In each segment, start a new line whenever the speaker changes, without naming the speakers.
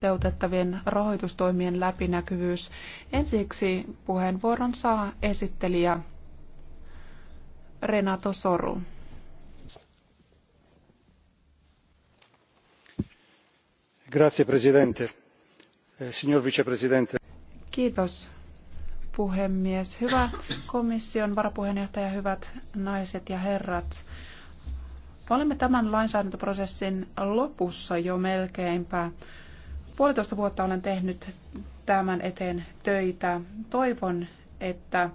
toteutettavien rahoitustoimien läpinäkyvyys. Ensiksi puheenvuoron saa esittelijä Renato Soru.
Grazie presidente. Eh, signor vicepresidente.
Kiitos puhemies. Hyvä komission varapuheenjohtaja, hyvät naiset ja herrat. Olemme tämän lainsäädäntöprosessin lopussa jo melkeinpä. Puolitoista vuotta olen tehnyt tämän eteen töitä. Toivon, että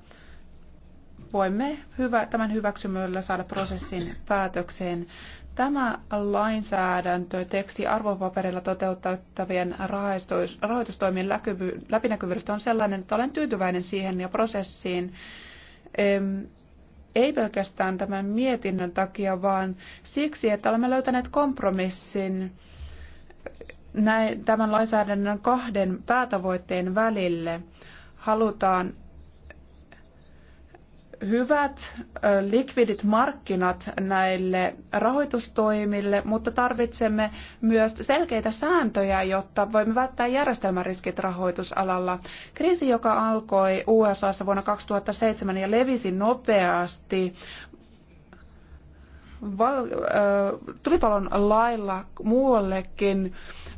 voimme hyvä, tämän hyväksymällä saada prosessin päätökseen. Tämä teksti arvopaperilla toteutettavien rahoitustoimien läpinäkyvyydestä on sellainen, että olen tyytyväinen siihen ja prosessiin. Ei pelkästään tämän mietinnön takia, vaan siksi, että olemme löytäneet kompromissin näin, tämän lainsäädännön kahden päätavoitteen välille. Halutaan hyvät likvidit markkinat näille rahoitustoimille, mutta tarvitsemme myös selkeitä sääntöjä, jotta voimme välttää järjestelmäriskit rahoitusalalla. Kriisi, joka alkoi USAssa vuonna 2007 ja levisi nopeasti, val, äh, tulipalon lailla muuallekin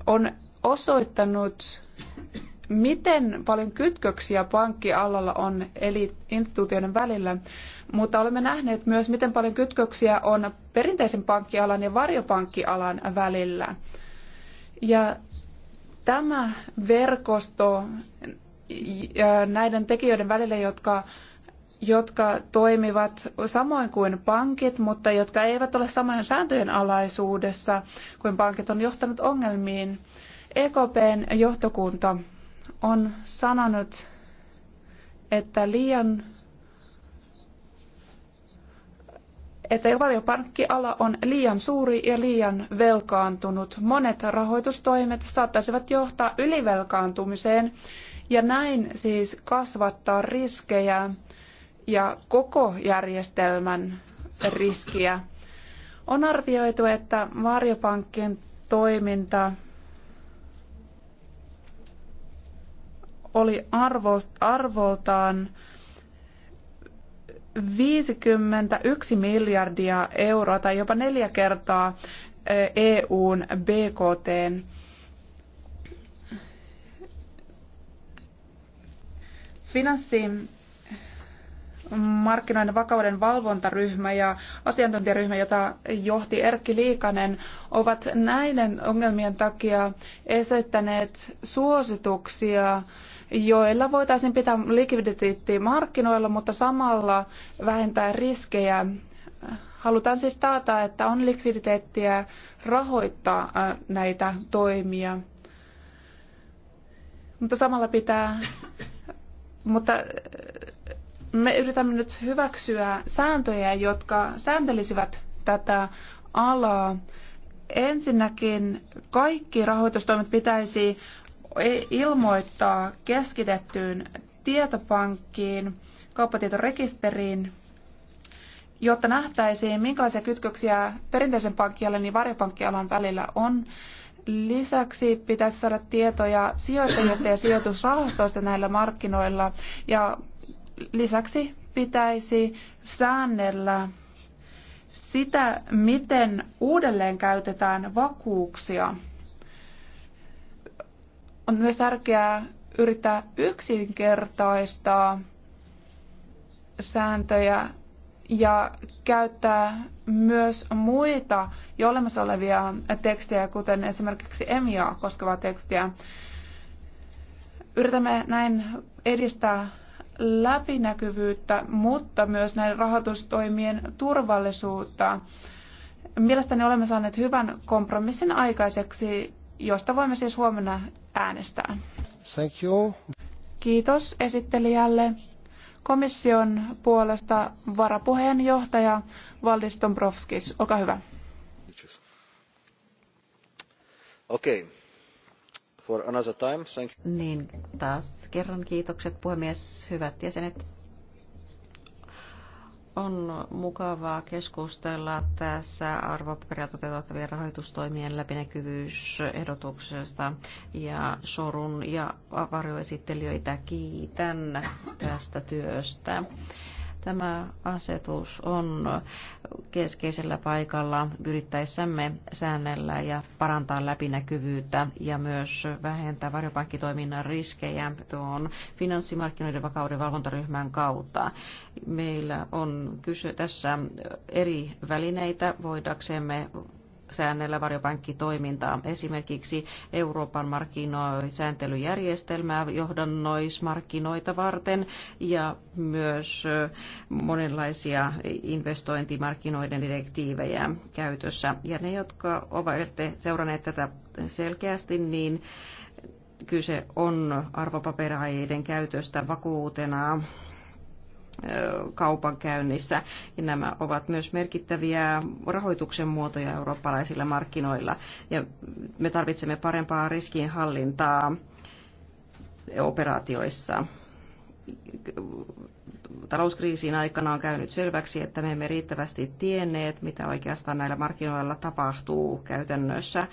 on osoittanut, miten paljon kytköksiä pankkialalla on eli instituutioiden välillä, mutta olemme nähneet myös, miten paljon kytköksiä on perinteisen pankkialan ja varjopankkialan välillä. Ja tämä verkosto näiden tekijöiden välillä, jotka jotka toimivat samoin kuin pankit, mutta jotka eivät ole samojen sääntöjen alaisuudessa kuin pankit, on johtanut ongelmiin. EKPn johtokunta on sanonut, että liian että valiopankkiala on liian suuri ja liian velkaantunut. Monet rahoitustoimet saattaisivat johtaa ylivelkaantumiseen ja näin siis kasvattaa riskejä ja koko järjestelmän riskiä. On arvioitu, että varjopankkien toiminta oli arvo, arvoltaan 51 miljardia euroa tai jopa neljä kertaa EUn BKT. Finanssi markkinoiden vakauden valvontaryhmä ja asiantuntijaryhmä, jota johti Erkki Liikanen, ovat näiden ongelmien takia esittäneet suosituksia, joilla voitaisiin pitää likviditeetti markkinoilla, mutta samalla vähentää riskejä. Halutaan siis taata, että on likviditeettiä rahoittaa äh, näitä toimia. Mutta samalla pitää, mutta me yritämme nyt hyväksyä sääntöjä, jotka sääntelisivät tätä alaa. Ensinnäkin kaikki rahoitustoimet pitäisi ilmoittaa keskitettyyn tietopankkiin, kauppatietorekisteriin, jotta nähtäisiin, minkälaisia kytköksiä perinteisen pankkialan ja varjopankkialan välillä on. Lisäksi pitäisi saada tietoja sijoittajista ja sijoitusrahastoista näillä markkinoilla ja Lisäksi pitäisi säännellä sitä, miten uudelleen käytetään vakuuksia. On myös tärkeää yrittää yksinkertaistaa sääntöjä ja käyttää myös muita jo olemassa olevia tekstejä, kuten esimerkiksi EMIA koskevaa tekstiä. Yritämme näin edistää läpinäkyvyyttä, mutta myös näiden rahoitustoimien turvallisuutta. Mielestäni olemme saaneet hyvän kompromissin aikaiseksi, josta voimme siis huomenna äänestää. Thank you. Kiitos esittelijälle. Komission puolesta varapuheenjohtaja Valdis Dombrovskis, olkaa hyvä.
Okay for another time. Thank you. Niin, taas kerran kiitokset puhemies, hyvät jäsenet. On mukavaa keskustella tässä arvopaperia toteutettavien rahoitustoimien läpinäkyvyysehdotuksesta ja Sorun ja varjoesittelijöitä kiitän tästä työstä. Tämä asetus on keskeisellä paikalla yrittäessämme säännellä ja parantaa läpinäkyvyyttä ja myös vähentää varjopankkitoiminnan riskejä tuon finanssimarkkinoiden vakauden valvontaryhmän kautta. Meillä on kyse tässä eri välineitä voidaksemme säännellä varjopankkitoimintaa. Esimerkiksi Euroopan markkinointisääntelyjärjestelmää johdannoismarkkinoita varten ja myös monenlaisia investointimarkkinoiden direktiivejä käytössä. Ja ne, jotka ovat seuranneet tätä selkeästi, niin kyse on arvopaperaiden käytöstä vakuutena kaupankäynnissä. Ja nämä ovat myös merkittäviä rahoituksen muotoja eurooppalaisilla markkinoilla. Ja me tarvitsemme parempaa riskinhallintaa operaatioissa talouskriisin aikana on käynyt selväksi, että me emme riittävästi tienneet, mitä oikeastaan näillä markkinoilla tapahtuu käytännössä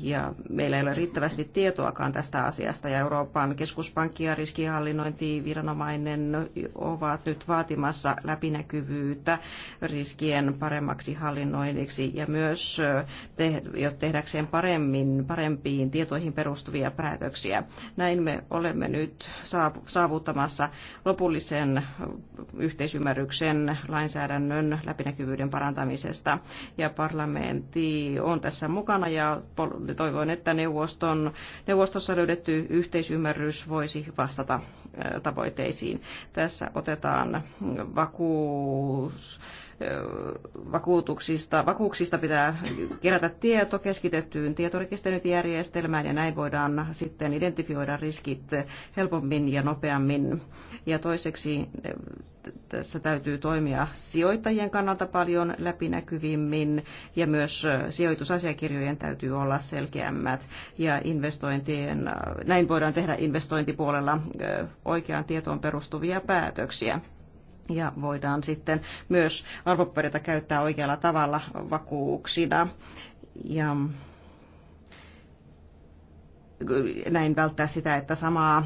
ja meillä ei ole riittävästi tietoakaan tästä asiasta ja Euroopan keskuspankki ja riskihallinnointiviranomainen ovat nyt vaatimassa läpinäkyvyyttä riskien paremmaksi hallinnoinniksi ja myös jo tehdäkseen paremmin, parempiin tietoihin perustuvia päätöksiä. Näin me olemme nyt saavuttamassa lopullisen yhteisymmärryksen lainsäädännön läpinäkyvyyden parantamisesta ja parlamentti on tässä mukana ja toivon, että neuvoston, neuvostossa löydetty yhteisymmärrys voisi vastata tavoitteisiin. Tässä otetaan vakuus vakuutuksista, vakuuksista pitää kerätä tieto keskitettyyn tietorekisterijärjestelmään ja näin voidaan sitten identifioida riskit helpommin ja nopeammin. Ja toiseksi tässä täytyy toimia sijoittajien kannalta paljon läpinäkyvimmin ja myös sijoitusasiakirjojen täytyy olla selkeämmät ja investointien, näin voidaan tehdä investointipuolella oikeaan tietoon perustuvia päätöksiä ja voidaan sitten myös arvopaperita käyttää oikealla tavalla vakuuksina. Ja näin välttää sitä, että samaa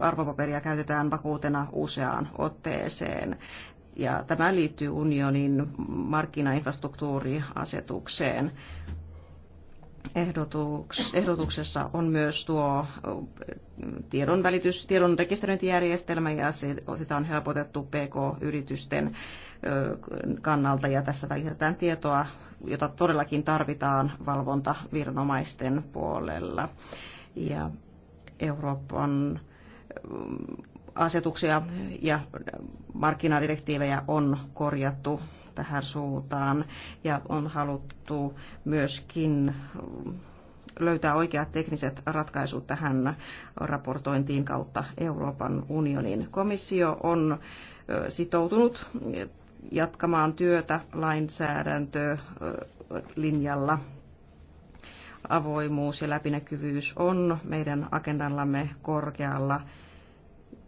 arvopaperia käytetään vakuutena useaan otteeseen. Ja tämä liittyy unionin markkinainfrastruktuuriasetukseen ehdotuksessa on myös tuo tiedonvälitys, tiedon rekisteröintijärjestelmä ja se, sitä on helpotettu PK-yritysten kannalta ja tässä välitetään tietoa, jota todellakin tarvitaan valvontaviranomaisten puolella. Ja Euroopan asetuksia ja markkinadirektiivejä on korjattu tähän suuntaan ja on haluttu myöskin löytää oikeat tekniset ratkaisut tähän raportointiin kautta Euroopan unionin. Komissio on sitoutunut jatkamaan työtä lainsäädäntölinjalla. Avoimuus ja läpinäkyvyys on meidän agendallamme korkealla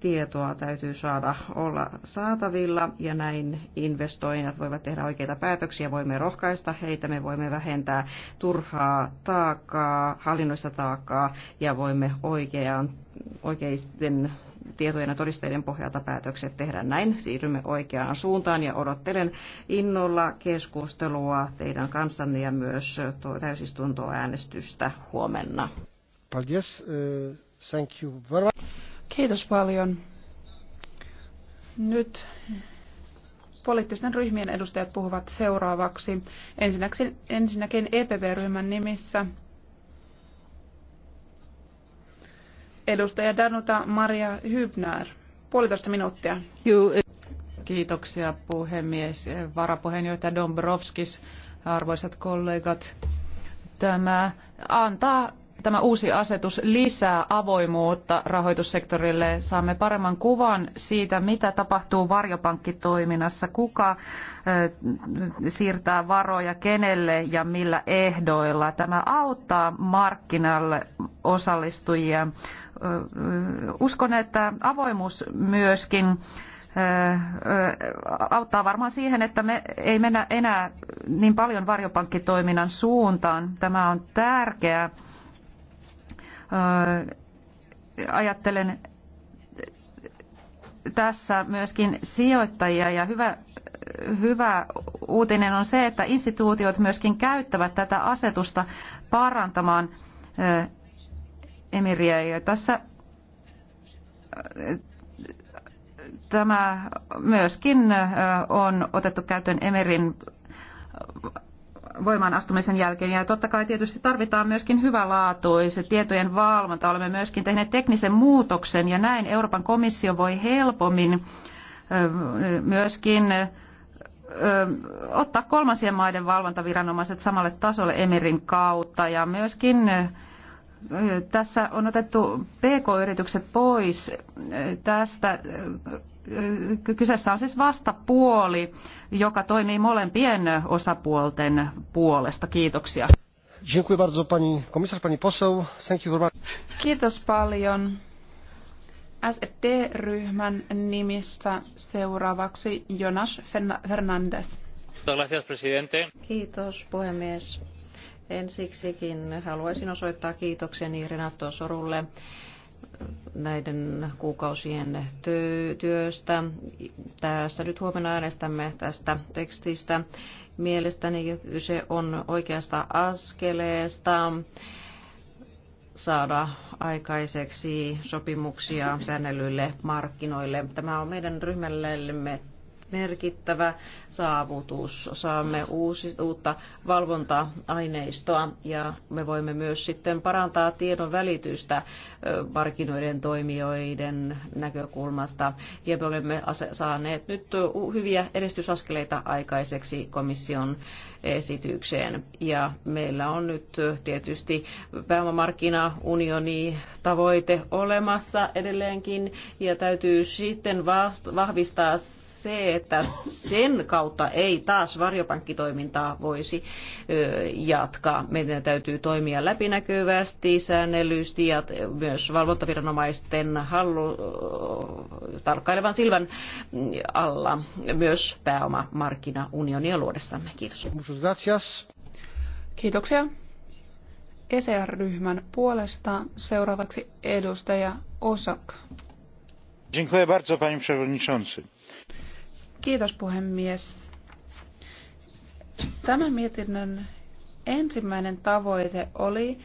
tietoa täytyy saada olla saatavilla ja näin investoijat voivat tehdä oikeita päätöksiä, voimme rohkaista heitä, me voimme vähentää turhaa taakkaa, hallinnoista taakkaa ja voimme oikeaan, oikeisten tietojen ja todisteiden pohjalta päätökset tehdä näin. Siirrymme oikeaan suuntaan ja odottelen innolla keskustelua teidän kanssanne ja myös täysistuntoäänestystä huomenna. Paldies,
eh, thank you very much. Kiitos paljon. Nyt poliittisten ryhmien edustajat puhuvat seuraavaksi. Ensinnäkin, ensinnäkin EPP-ryhmän nimissä edustaja Danuta Maria Hybner. Puolitoista minuuttia.
Kiitoksia puhemies. Varapuheenjohtaja Dombrovskis, arvoisat kollegat. Tämä antaa tämä uusi asetus lisää avoimuutta rahoitussektorille. Saamme paremman kuvan siitä, mitä tapahtuu varjopankkitoiminnassa, kuka siirtää varoja kenelle ja millä ehdoilla. Tämä auttaa markkinalle osallistujia. Uskon, että avoimuus myöskin auttaa varmaan siihen, että me ei mennä enää niin paljon varjopankkitoiminnan suuntaan. Tämä on tärkeää ajattelen tässä myöskin sijoittajia ja hyvä, hyvä uutinen on se, että instituutiot myöskin käyttävät tätä asetusta parantamaan emiriä. Ja tässä tämä myöskin on otettu käyttöön Emerin voimaan astumisen jälkeen. Ja totta kai tietysti tarvitaan myöskin hyvälaatuiset tietojen valvonta. Olemme myöskin tehneet teknisen muutoksen ja näin Euroopan komissio voi helpommin myöskin ottaa kolmansien maiden valvontaviranomaiset samalle tasolle Emirin kautta ja myöskin tässä on otettu PK-yritykset pois tästä kyseessä on siis vastapuoli, joka toimii molempien osapuolten puolesta. Kiitoksia.
Kiitos paljon. sd ryhmän nimissä seuraavaksi Jonas Fernandes. Kiitos
puhemies. Ensiksikin haluaisin osoittaa kiitokseni Renato Sorulle näiden kuukausien työstä. Tässä nyt huomenna äänestämme tästä tekstistä. Mielestäni kyse on oikeasta askeleesta saada aikaiseksi sopimuksia säännellyille markkinoille. Tämä on meidän ryhmällemme merkittävä saavutus. Saamme uusi, uutta valvonta-aineistoa ja me voimme myös sitten parantaa tiedon välitystä markkinoiden toimijoiden näkökulmasta. Ja me olemme saaneet nyt hyviä edistysaskeleita aikaiseksi komission esitykseen. Ja meillä on nyt tietysti pääomamarkkinaunioni tavoite olemassa edelleenkin ja täytyy sitten vahvistaa se, että sen kautta ei taas varjopankkitoimintaa voisi jatkaa. Meidän täytyy toimia läpinäkyvästi, säännellysti ja myös valvontaviranomaisten hallu, tarkkailevan silmän alla myös pääomamarkkinaunionia luodessamme. Kiitos.
Kiitoksia. ECR-ryhmän puolesta seuraavaksi edustaja Osak.
Dziękuję bardzo, panie przewodniczący
Kiitos puhemies. Tämän mietinnön ensimmäinen tavoite oli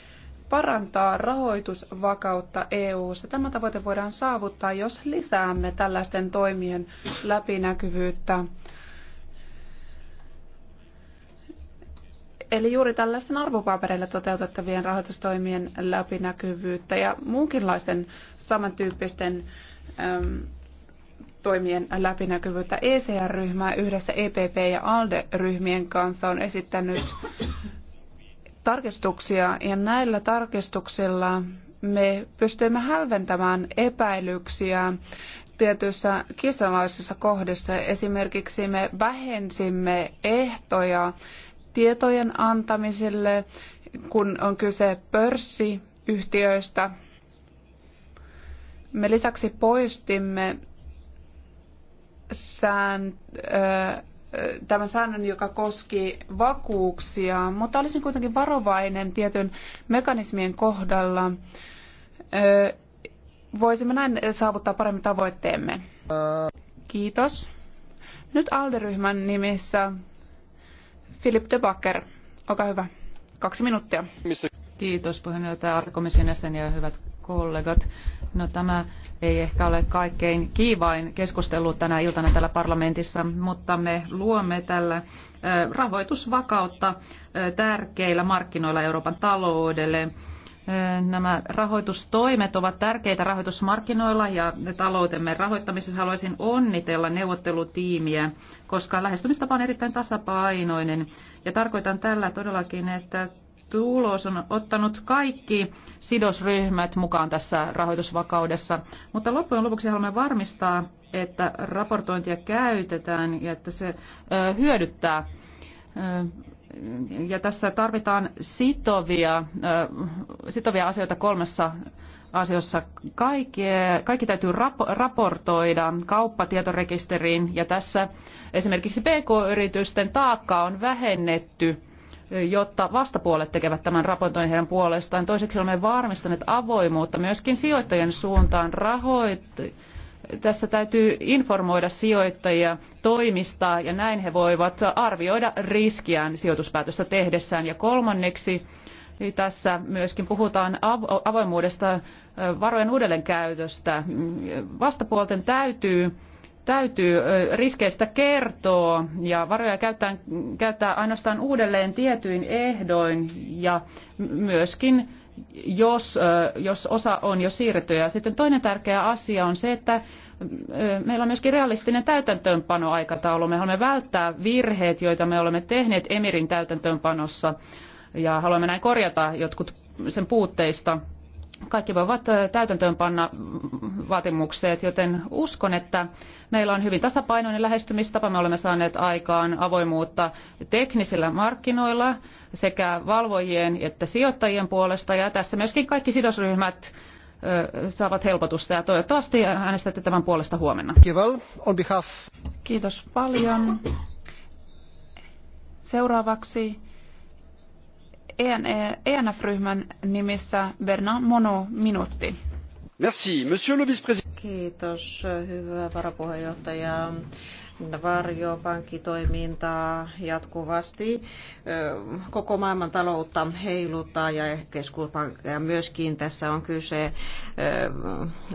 parantaa rahoitusvakautta EU:ssa. Tämä tavoite voidaan saavuttaa, jos lisäämme tällaisten toimien läpinäkyvyyttä. Eli juuri tällaisten arvopapereilla toteutettavien rahoitustoimien läpinäkyvyyttä ja muunkinlaisten samantyyppisten äm, toimien läpinäkyvyyttä. ecr ryhmää yhdessä EPP- ja ALDE-ryhmien kanssa on esittänyt tarkistuksia ja näillä tarkistuksilla me pystymme hälventämään epäilyksiä tietyissä kiistanalaisissa kohdissa. Esimerkiksi me vähensimme ehtoja tietojen antamiselle, kun on kyse pörssiyhtiöistä. Me lisäksi poistimme sään, tämän säännön, joka koski vakuuksia, mutta olisin kuitenkin varovainen tietyn mekanismien kohdalla. Voisimme näin saavuttaa paremmin tavoitteemme. Kiitos. Nyt alderyhmän nimissä Philip de Backer. Olkaa hyvä.
Kaksi minuuttia. Kiitos puheenjohtaja Arkomisen jäsen ja hyvät kollegat. No tämä ei ehkä ole kaikkein kiivain keskustelu tänä iltana täällä parlamentissa, mutta me luomme tällä rahoitusvakautta tärkeillä markkinoilla Euroopan taloudelle. Nämä rahoitustoimet ovat tärkeitä rahoitusmarkkinoilla ja taloutemme rahoittamisessa haluaisin onnitella neuvottelutiimiä, koska lähestymistapa on erittäin tasapainoinen. Ja tarkoitan tällä todellakin, että tulos on ottanut kaikki sidosryhmät mukaan tässä rahoitusvakaudessa, mutta loppujen lopuksi haluamme varmistaa, että raportointia käytetään ja että se hyödyttää. Ja tässä tarvitaan sitovia, sitovia asioita kolmessa asiassa. Kaikki, kaikki täytyy raportoida kauppatietorekisteriin ja tässä esimerkiksi PK-yritysten taakkaa on vähennetty – jotta vastapuolet tekevät tämän raportoinnin heidän puolestaan. Toiseksi olemme varmistaneet avoimuutta myöskin sijoittajien suuntaan rahoit. Tässä täytyy informoida sijoittajia toimista ja näin he voivat arvioida riskiään sijoituspäätöstä tehdessään. Ja kolmanneksi niin tässä myöskin puhutaan avoimuudesta varojen uudelleenkäytöstä. Vastapuolten täytyy täytyy riskeistä kertoa ja varoja käyttää, käyttää ainoastaan uudelleen tietyin ehdoin ja myöskin jos, jos osa on jo siirretty. Ja sitten toinen tärkeä asia on se, että meillä on myöskin realistinen täytäntöönpanoaikataulu. Me haluamme välttää virheet, joita me olemme tehneet Emirin täytäntöönpanossa ja haluamme näin korjata jotkut sen puutteista kaikki voivat täytäntöönpanna vaatimukset, joten uskon, että meillä on hyvin tasapainoinen lähestymistapa. Me olemme saaneet aikaan avoimuutta teknisillä markkinoilla sekä valvojien että sijoittajien puolesta ja tässä myöskin kaikki sidosryhmät saavat helpotusta ja toivottavasti äänestätte tämän puolesta huomenna.
Kiitos paljon. Seuraavaksi ENF-ryhmän e, e nimissä Bernard Mono, minuutti. Merci, monsieur
le vice-président. Kiitos, hyvä varapuheenjohtaja varjopankkitoimintaa jatkuvasti koko maailman taloutta heiluttaa ja keskuspankkeja myöskin. Tässä on kyse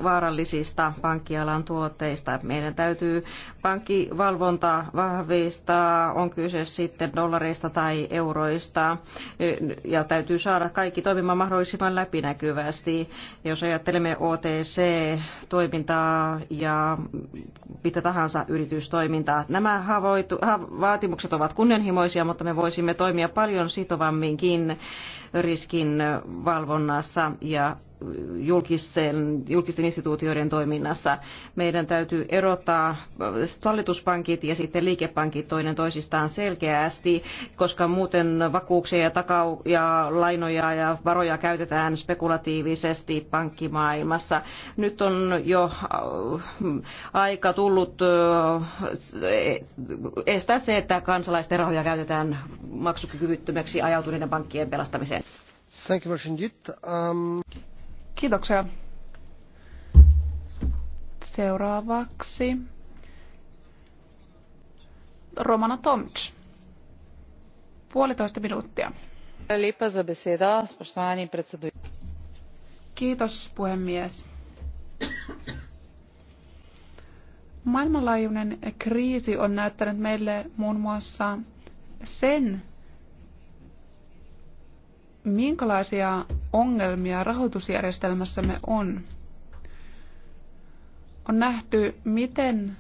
vaarallisista pankkialan tuotteista. Meidän täytyy pankkivalvonta vahvistaa, on kyse sitten dollareista tai euroista ja täytyy saada kaikki toimimaan mahdollisimman läpinäkyvästi. Jos ajattelemme OTC-toimintaa ja mitä tahansa yritystoimintaa, toimintaa. Nämä vaatimukset ovat kunnianhimoisia, mutta me voisimme toimia paljon sitovamminkin riskin valvonnassa ja julkisten, julkisten instituutioiden toiminnassa. Meidän täytyy erottaa hallituspankit ja sitten liikepankit toinen toisistaan selkeästi, koska muuten vakuuksia ja, takau- ja lainoja ja varoja käytetään spekulatiivisesti pankkimaailmassa. Nyt on jo äh, aika tullut äh, estää se, että kansalaisten rahoja käytetään maksukyvyttömäksi ajautuneiden pankkien pelastamiseen. Thank you Um... Kiitoksia.
Seuraavaksi Romana Tomč. Puolitoista minuuttia. Kiitos puhemies. Maailmanlaajuinen kriisi on näyttänyt meille muun muassa sen, minkälaisia ongelmia rahoitusjärjestelmässämme on. On nähty, miten,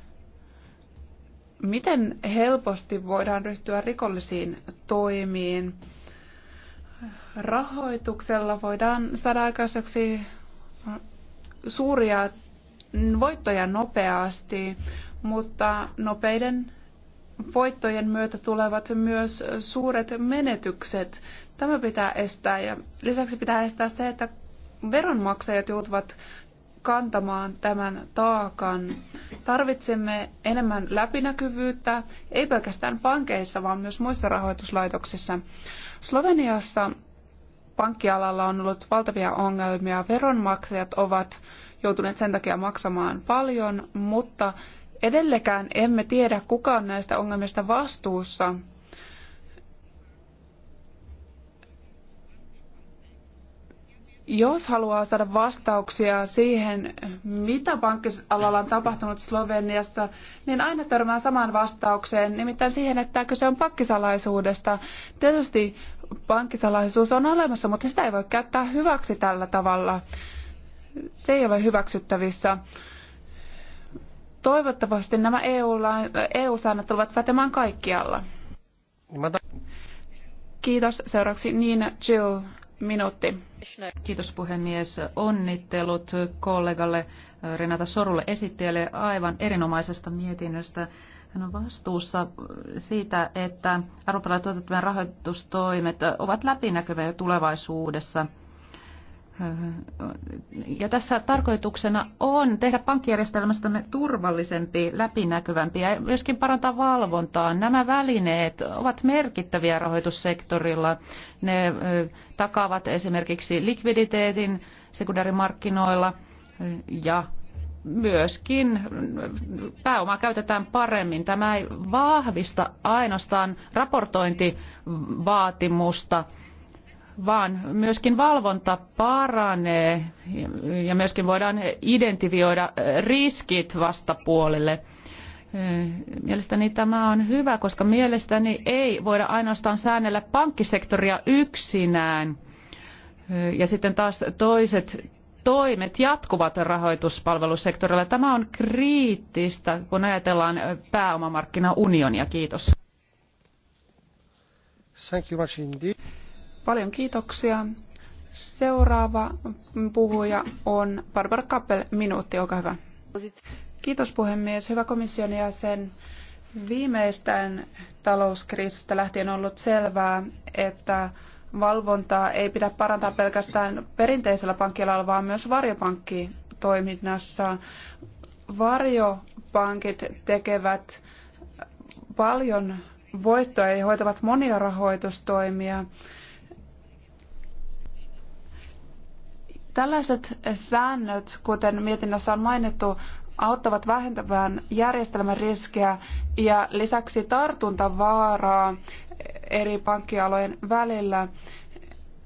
miten helposti voidaan ryhtyä rikollisiin toimiin. Rahoituksella voidaan saada aikaiseksi suuria voittoja nopeasti, mutta nopeiden voittojen myötä tulevat myös suuret menetykset. Tämä pitää estää ja lisäksi pitää estää se, että veronmaksajat joutuvat kantamaan tämän taakan. Tarvitsemme enemmän läpinäkyvyyttä, ei pelkästään pankeissa, vaan myös muissa rahoituslaitoksissa. Sloveniassa pankkialalla on ollut valtavia ongelmia. Veronmaksajat ovat joutuneet sen takia maksamaan paljon, mutta edellekään emme tiedä, kuka on näistä ongelmista vastuussa. Jos haluaa saada vastauksia siihen, mitä pankkialalla on tapahtunut Sloveniassa, niin aina törmää samaan vastaukseen, nimittäin siihen, että kyse on pankkisalaisuudesta. Tietysti pankkisalaisuus on olemassa, mutta sitä ei voi käyttää hyväksi tällä tavalla. Se ei ole hyväksyttävissä. Toivottavasti nämä EU-säännöt tulevat pätemään kaikkialla. Niin Kiitos. Seuraavaksi Nina Jill minuutti. Kiitos puhemies.
Onnittelut kollegalle Renata Sorulle esittäjälle aivan erinomaisesta mietinnöstä. Hän on vastuussa siitä, että arvopalvelujen rahoitustoimet ovat läpinäkyviä jo tulevaisuudessa – Öö, ja tässä tarkoituksena on tehdä pankkijärjestelmästä turvallisempi, läpinäkyvämpi ja myöskin parantaa valvontaa. Nämä välineet ovat merkittäviä rahoitussektorilla. Ne öö, takaavat esimerkiksi likviditeetin sekundäärimarkkinoilla öö, ja myöskin pääomaa käytetään paremmin. Tämä ei vahvista ainoastaan raportointivaatimusta, vaan myöskin valvonta paranee ja myöskin voidaan identifioida riskit vastapuolille. Mielestäni tämä on hyvä, koska mielestäni ei voida ainoastaan säännellä pankkisektoria yksinään. Ja sitten taas toiset toimet jatkuvat rahoituspalvelusektorilla. Tämä on kriittistä, kun ajatellaan pääomamarkkinaunionia. Kiitos. Thank you much
indeed. Paljon kiitoksia. Seuraava puhuja on Barbara Kappel. Minuutti, olkaa hyvä. Kiitos puhemies. Hyvä komission jäsen. Viimeistään talouskriisistä lähtien on ollut selvää, että valvontaa ei pidä parantaa pelkästään perinteisellä pankkialalla, vaan myös varjopankkitoiminnassa. Varjopankit tekevät paljon voittoa ja hoitavat monia rahoitustoimia. Tällaiset säännöt, kuten mietinnössä on mainittu, auttavat vähentämään järjestelmän riskejä ja lisäksi tartuntavaaraa eri pankkialojen välillä.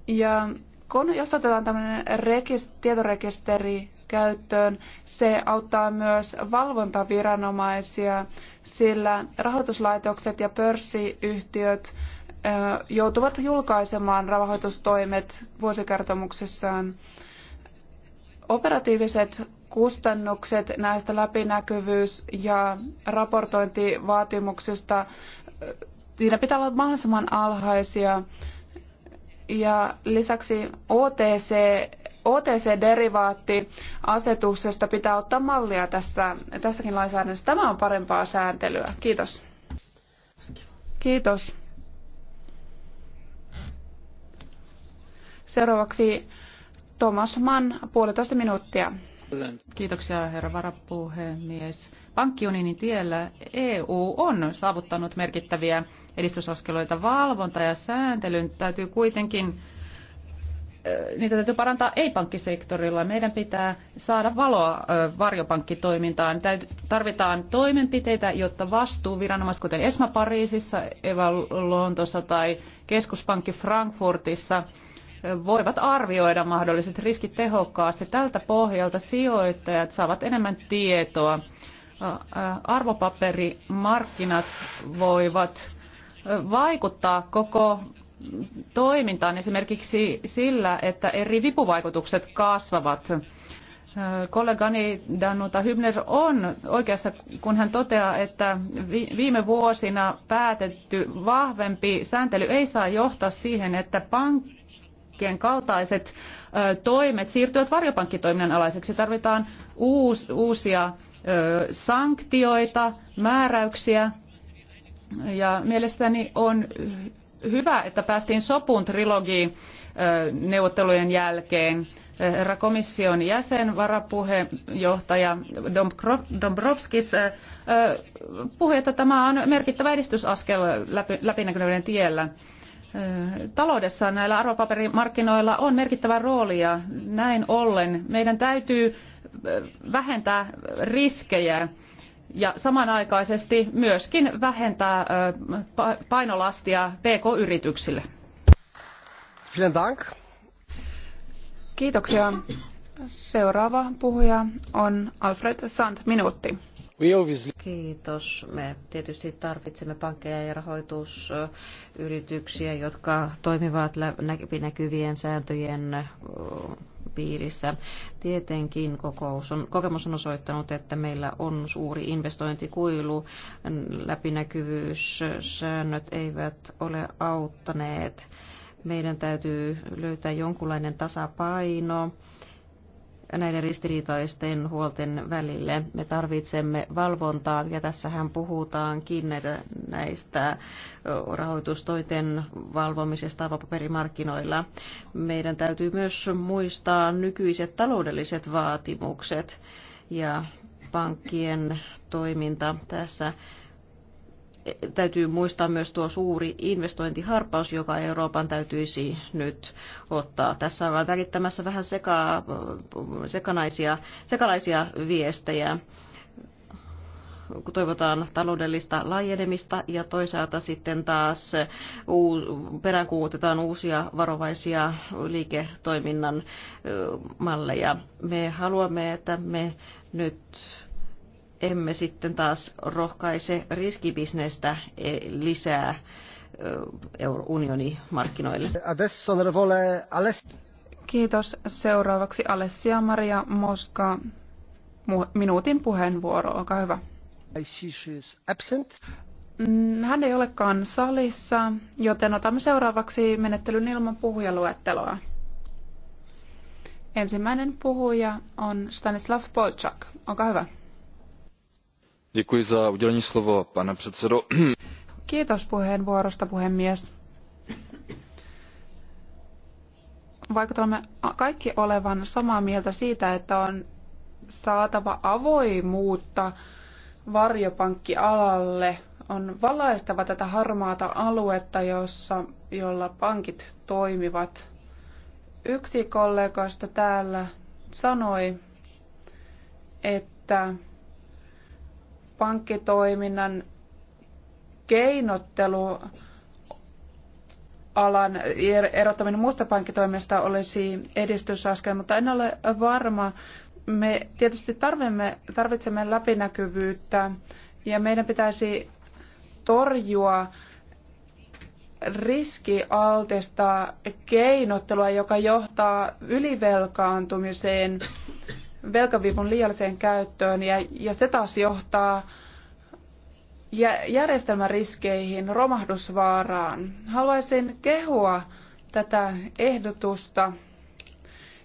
Ja kun, jos otetaan tämmöinen rekist, tietorekisteri käyttöön, se auttaa myös valvontaviranomaisia, sillä rahoituslaitokset ja pörssiyhtiöt joutuvat julkaisemaan rahoitustoimet vuosikertomuksessaan. Operatiiviset kustannukset näistä läpinäkyvyys- ja raportointivaatimuksista, niiden pitää olla mahdollisimman alhaisia. Ja lisäksi OTC, OTC-derivaattiasetuksesta pitää ottaa mallia tässä, tässäkin lainsäädännössä. Tämä on parempaa sääntelyä. Kiitos. Kiitos. Seuraavaksi Thomas Mann, puolitoista minuuttia.
Kiitoksia herra varapuhemies.
Pankkiunionin tiellä
EU on saavuttanut merkittäviä edistysaskeleita. Valvonta ja sääntelyn täytyy kuitenkin eh, niitä täytyy parantaa ei-pankkisektorilla. Meidän pitää saada valoa eh, varjopankkitoimintaan. Tarvitaan toimenpiteitä, jotta vastuuviranomaiset, kuten ESMA Pariisissa, EVA Lontossa tai keskuspankki Frankfurtissa – voivat arvioida mahdolliset riskit tehokkaasti. Tältä pohjalta sijoittajat saavat enemmän tietoa. Arvopaperimarkkinat voivat vaikuttaa koko toimintaan esimerkiksi sillä, että eri vipuvaikutukset kasvavat. Kollegani Danuta Hybner on oikeassa, kun hän toteaa, että viime vuosina päätetty vahvempi sääntely ei saa johtaa siihen, että pankki pankkien kaltaiset toimet siirtyvät varjopankkitoiminnan alaiseksi. Tarvitaan uusia sanktioita, määräyksiä ja mielestäni on hyvä, että päästiin sopuun trilogiin neuvottelujen jälkeen. Herra komission jäsen, varapuheenjohtaja Dombrovskis puhui, että tämä on merkittävä edistysaskel läpinäkyvyyden tiellä. Taloudessa näillä arvopaperimarkkinoilla on merkittävä rooli ja näin ollen meidän täytyy vähentää riskejä ja samanaikaisesti myöskin vähentää painolastia PK-yrityksille. Kiitoksia.
Seuraava puhuja on Alfred Sand minuutti. Kiitos.
Me tietysti tarvitsemme pankkeja ja rahoitusyrityksiä, jotka toimivat näkyvien sääntöjen piirissä. Tietenkin kokous on, kokemus on osoittanut, että meillä on suuri investointikuilu. Läpinäkyvyyssäännöt eivät ole auttaneet. Meidän täytyy löytää jonkunlainen tasapaino näiden ristiriitaisten huolten välille. Me tarvitsemme valvontaa, ja tässähän puhutaankin näitä, näistä rahoitustoiten valvomisesta avapaperimarkkinoilla. Meidän täytyy myös muistaa nykyiset taloudelliset vaatimukset ja pankkien toiminta tässä täytyy muistaa myös tuo suuri investointiharppaus, joka Euroopan täytyisi nyt ottaa. Tässä ollaan välittämässä vähän seka, sekanaisia, sekalaisia viestejä kun toivotaan taloudellista laajenemista ja toisaalta sitten taas peräänkuutetaan uusia varovaisia liiketoiminnan malleja. Me haluamme, että me nyt emme sitten taas rohkaise riskibisnestä eh, lisää eh, unionimarkkinoille.
markkinoille. Kiitos. Seuraavaksi Alessia Maria Moska. Minuutin puheenvuoro, olkaa hyvä. Mm, hän ei olekaan salissa, joten otamme seuraavaksi menettelyn ilman puhujaluetteloa. Ensimmäinen puhuja on Stanislav Polchak. Olkaa hyvä pane předsedající puhemies. vaikutamme kaikki olevan samaa mieltä siitä että on saatava avoimuutta varjopankkialalle. On valaistava tätä harmaata aluetta, jossa, jolla pankit toimivat. Yksi kollegoista täällä sanoi, että pankkitoiminnan keinottelu alan er- erottaminen muusta pankkitoimesta olisi edistysaskel, mutta en ole varma. Me tietysti tarvitsemme, tarvitsemme läpinäkyvyyttä ja meidän pitäisi torjua riskialtista keinottelua, joka johtaa ylivelkaantumiseen velkavivun liialliseen käyttöön ja, ja se taas johtaa järjestelmäriskeihin, romahdusvaaraan. Haluaisin kehua tätä ehdotusta,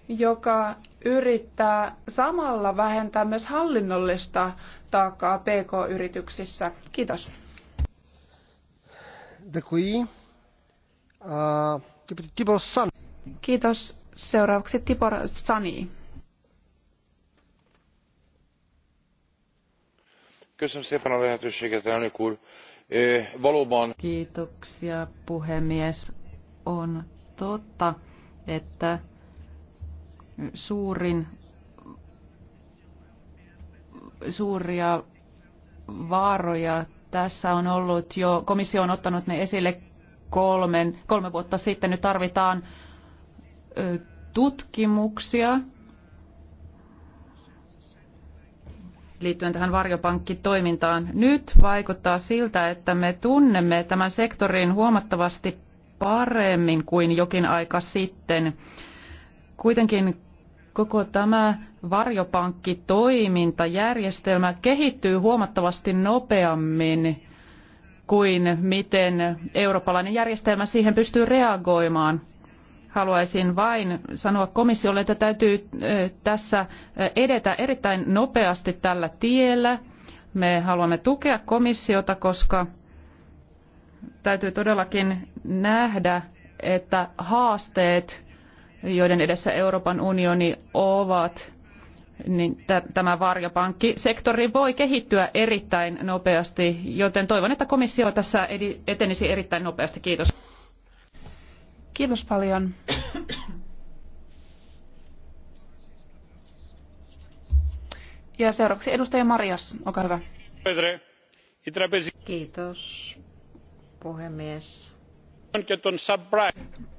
joka yrittää samalla vähentää myös hallinnollista taakkaa PK-yrityksissä. Kiitos. Kiitos. Seuraavaksi Tibor Sani
Kiitoksia
puhemies. On totta, että suurin, suuria vaaroja tässä on ollut jo, komissio on ottanut ne esille kolmen, kolme vuotta sitten, nyt tarvitaan tutkimuksia liittyen tähän varjopankkitoimintaan. Nyt vaikuttaa siltä, että me tunnemme tämän sektorin huomattavasti paremmin kuin jokin aika sitten. Kuitenkin koko tämä varjopankkitoimintajärjestelmä kehittyy huomattavasti nopeammin kuin miten eurooppalainen järjestelmä siihen pystyy reagoimaan haluaisin vain sanoa komissiolle, että täytyy tässä edetä erittäin nopeasti tällä tiellä. Me haluamme tukea komissiota, koska täytyy todellakin nähdä, että haasteet, joiden edessä Euroopan unioni ovat, niin tämä varjopankkisektori voi kehittyä erittäin nopeasti, joten toivon, että komissio tässä etenisi erittäin nopeasti. Kiitos.
Kiitos paljon. Ja seuraavaksi edustaja Marias, olkaa hyvä.
Kiitos, puhemies.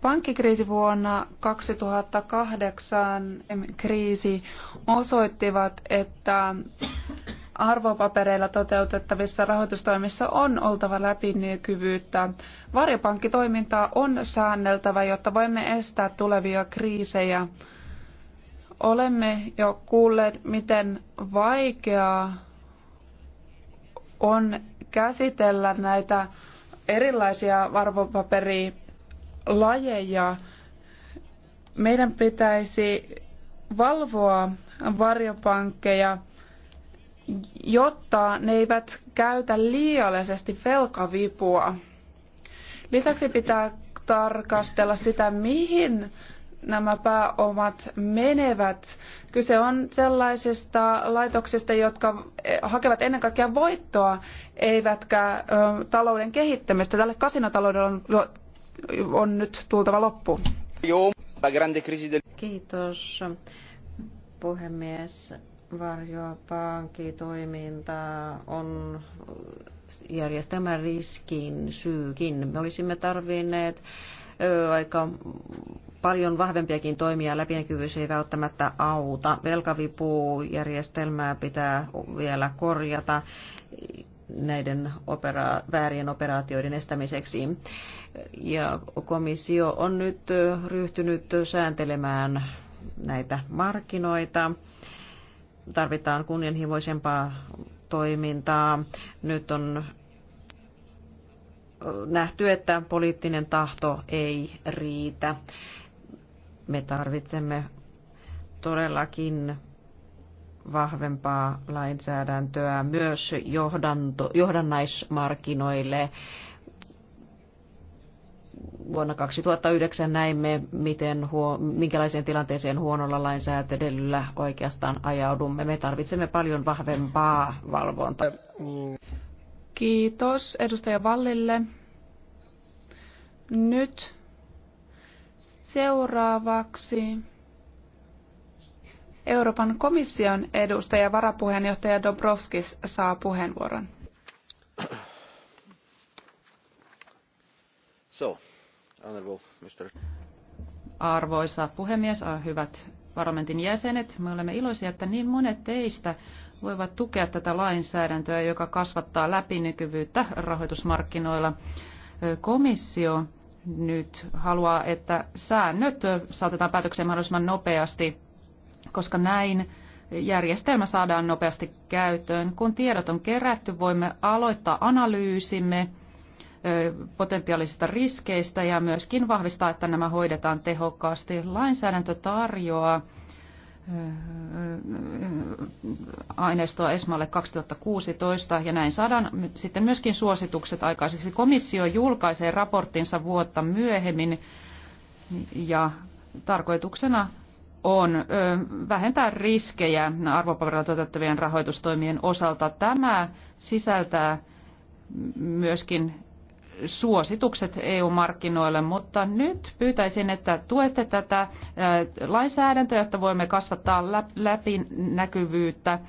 Pankkikriisi vuonna 2008 kriisi osoittivat, että arvopapereilla toteutettavissa rahoitustoimissa on oltava läpinäkyvyyttä. Varjopankkitoimintaa on säänneltävä, jotta voimme estää tulevia kriisejä. Olemme jo kuulleet, miten vaikeaa on käsitellä näitä erilaisia arvopaperilajeja. Meidän pitäisi valvoa varjopankkeja jotta ne eivät käytä liiallisesti velkavipua. Lisäksi pitää tarkastella sitä, mihin nämä pääomat menevät. Kyse on sellaisista laitoksista, jotka hakevat ennen kaikkea voittoa, eivätkä ö, talouden kehittämistä. Tälle kasinotaloudelle on, on nyt tultava loppu. Kiitos,
puhemies varjopankkitoiminta on järjestelmän riskin syykin. Me olisimme tarvinneet aika paljon vahvempiakin toimia läpinäkyvyys ei välttämättä auta. Velkavipujärjestelmää pitää vielä korjata näiden opera- väärien operaatioiden estämiseksi. Ja komissio on nyt ryhtynyt sääntelemään näitä markkinoita tarvitaan kunnianhimoisempaa toimintaa. Nyt on nähty, että poliittinen tahto ei riitä. Me tarvitsemme todellakin vahvempaa lainsäädäntöä myös johdanto, johdannaismarkkinoille vuonna 2009 näimme, miten huo, minkälaiseen tilanteeseen huonolla lainsäädännöllä oikeastaan ajaudumme. Me tarvitsemme paljon vahvempaa valvontaa.
Kiitos edustaja Vallille. Nyt seuraavaksi Euroopan komission edustaja varapuheenjohtaja Dobrovskis saa puheenvuoron.
So. Arvoisa puhemies, hyvät parlamentin jäsenet, me olemme iloisia, että niin monet teistä voivat tukea tätä lainsäädäntöä, joka kasvattaa läpinäkyvyyttä rahoitusmarkkinoilla. Komissio nyt haluaa, että säännöt saatetaan päätökseen mahdollisimman nopeasti, koska näin järjestelmä saadaan nopeasti käyttöön. Kun tiedot on kerätty, voimme aloittaa analyysimme potentiaalisista riskeistä ja myöskin vahvistaa, että nämä hoidetaan tehokkaasti. Lainsäädäntö tarjoaa aineistoa Esmalle 2016 ja näin saadaan sitten myöskin suositukset aikaiseksi. Komissio julkaisee raporttinsa vuotta myöhemmin ja tarkoituksena on vähentää riskejä arvopaperilla toteuttavien rahoitustoimien osalta. Tämä sisältää myöskin suositukset EU-markkinoille, mutta nyt pyytäisin, että tuette tätä äh, lainsäädäntöä, jotta voimme kasvattaa läpinäkyvyyttä,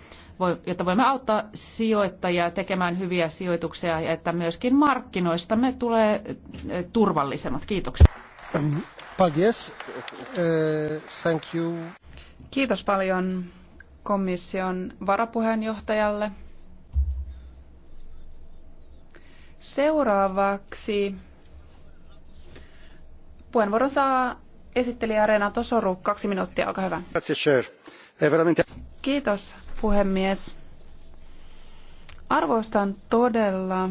jotta voimme auttaa sijoittajia tekemään hyviä sijoituksia ja että myöskin markkinoistamme tulee äh, turvallisemmat. Kiitoksia.
Um, uh, thank you. Kiitos paljon komission varapuheenjohtajalle. Seuraavaksi puheenvuoron saa esittelijä Renato Soru. Kaksi minuuttia, olkaa hyvä. Eh, Kiitos, puhemies. Arvostan todella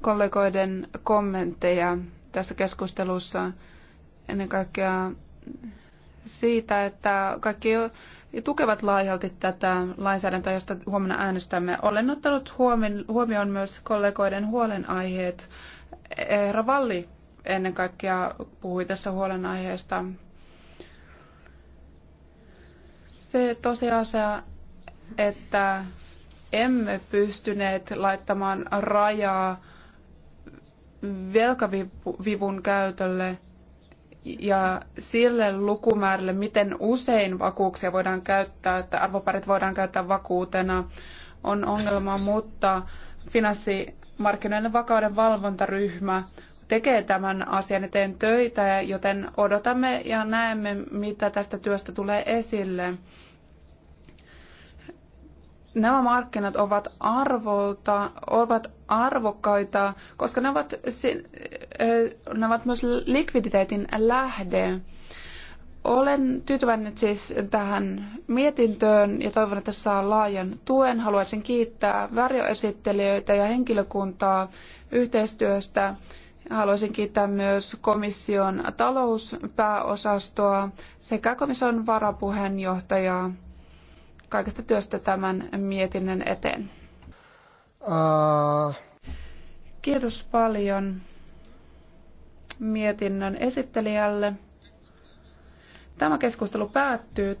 kollegoiden kommentteja tässä keskustelussa ennen kaikkea siitä, että kaikki tukevat laajalti tätä lainsäädäntöä, josta huomenna äänestämme. Olen ottanut huomioon myös kollegoiden huolenaiheet. Herra Valli ennen kaikkea puhui tässä huolenaiheesta. Se tosiasia, että emme pystyneet laittamaan rajaa velkavivun käytölle – ja sille lukumäärälle, miten usein vakuuksia voidaan käyttää, että arvoparit voidaan käyttää vakuutena, on ongelma, mutta finanssimarkkinoiden vakauden valvontaryhmä tekee tämän asian eteen töitä, joten odotamme ja näemme, mitä tästä työstä tulee esille. Nämä markkinat ovat, arvolta, ovat arvokkaita, koska ne ovat, eh, ne ovat myös likviditeetin lähde. Olen tyytyväinen siis tähän mietintöön ja toivon, että saa laajan tuen. Haluaisin kiittää varjoesittelijöitä ja henkilökuntaa yhteistyöstä. Haluaisin kiittää myös komission talouspääosastoa sekä komission varapuheenjohtajaa kaikesta työstä tämän mietinnön eteen.
Uh...
Kiitos paljon mietinnön esittelijälle. Tämä keskustelu päättyy.